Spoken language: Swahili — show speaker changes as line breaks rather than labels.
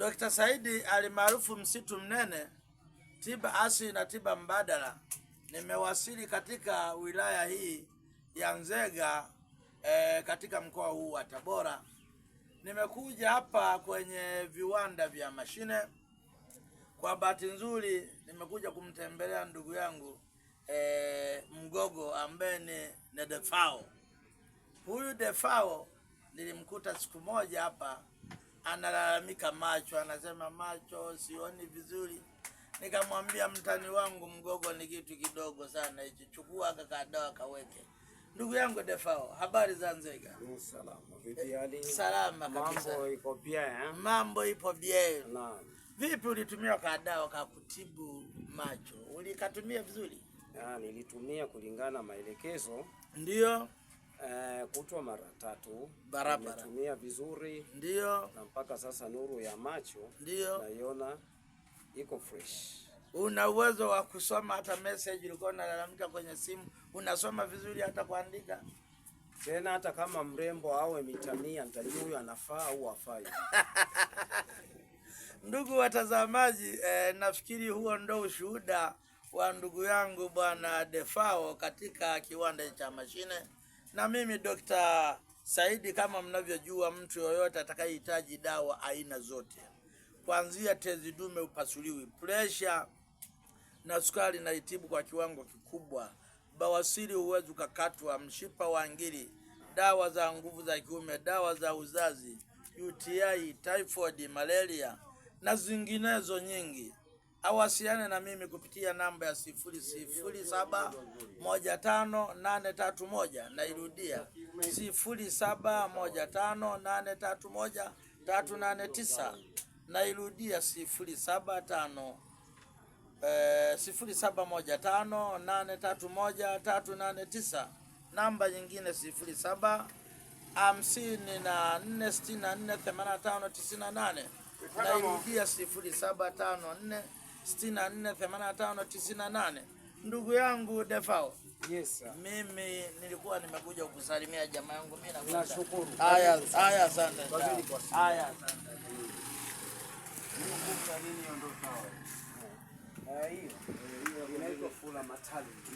Dr. Saidi alimaarufu msitu mnene, tiba asili na tiba mbadala. Nimewasili katika wilaya hii ya Nzega e, katika mkoa huu wa Tabora. Nimekuja hapa kwenye viwanda vya mashine. Kwa bahati nzuri nimekuja kumtembelea ndugu yangu e, Mgogo ambaye ni, ni Defao. Huyu Defao nilimkuta siku moja hapa analalamika macho, anasema macho sioni vizuri. Nikamwambia mtani wangu, mgogo ni kitu kidogo sana hicho, chukua akakaa dawa kaweke. Ndugu yangu Defao, habari za Nzega?
Salama kabisa,
mambo ipo eh? bien. Vipi, ulitumia kadawa kakutibu macho, ulikatumia vizuri?
Ya, ah, nilitumia kulingana maelekezo, ndio Eh, kutwa mara tatu barabara, tumia vizuri ndio, na mpaka sasa nuru ya macho ndio naiona iko fresh.
Una uwezo wa kusoma hata message, ulikuwa unalalamika kwenye simu, unasoma vizuri hata kuandika
tena, hata kama mrembo awe mita mia, nitajua huyu anafaa au afai
Ndugu watazamaji, eh, nafikiri huo ndo ushuhuda wa ndugu yangu bwana Defao katika kiwanda cha mashine na mimi Dr. Saidi, kama mnavyojua, mtu yoyote atakayehitaji dawa aina zote kuanzia tezi dume upasuliwi, presha na sukari naitibu kwa kiwango kikubwa, bawasiri huwezi ukakatwa, mshipa wa ngiri, dawa za nguvu za kiume, dawa za uzazi, UTI, typhoid, malaria na zinginezo nyingi. Awasiliane na mimi kupitia namba ya sifuri sifuri saba moja tano nane tatu moja. Nairudia sifuri saba moja tano nane tatu moja tatu nane tisa. Nairudia sifuri saba tano e, sifuri saba moja tano nane tatu moja tatu nane tisa. Namba nyingine sifuri saba hamsini na nne sitini na nne themanini na tano tisini na nane. Nairudia sifuri saba tano nne sitini na nne themanini na tano tisini na nane. Ndugu yangu Defao. Yes, sir. Mimi nilikuwa nimekuja kukusalimia jamaa yangu mimi na nashukuru. Haya,
haya asante.
Haya asante. Ndugu kwa nini ondoka? Eh, eh, hiyo. Hiyo inaitwa fula matali.